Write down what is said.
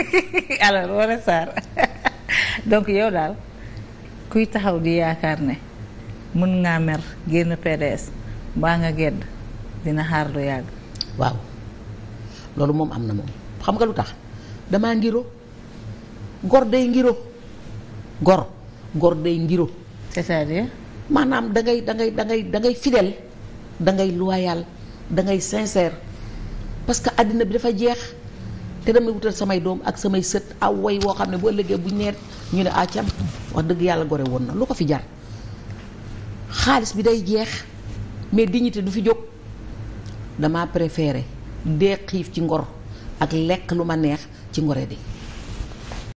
alors Woré Sarr donc yow daal kuy taxaw di yaakaar ne mën ngaa mer génn PDS mbaa nga gedd dina xaar lu yàgg. waaw loolu moom am na moom xam nga lu tax damaa ngiro gor day ngiro gor gor day ngiro. cest à maanaam da ngay da ngay da dangay da loyal da ngay sincère parce que àddina bi dafa jeex. te damay wutal samay doom ak samay sët aw way woo xam ne bu ëllëgee bu neet ñu ne acam wax dëgg yàlla gore woon na lu ko fi jar xaalis bi day jeex mais dignité du fi jóg dama préféré dee xiif ci ngor ak lekk lu ma neex ci ngore di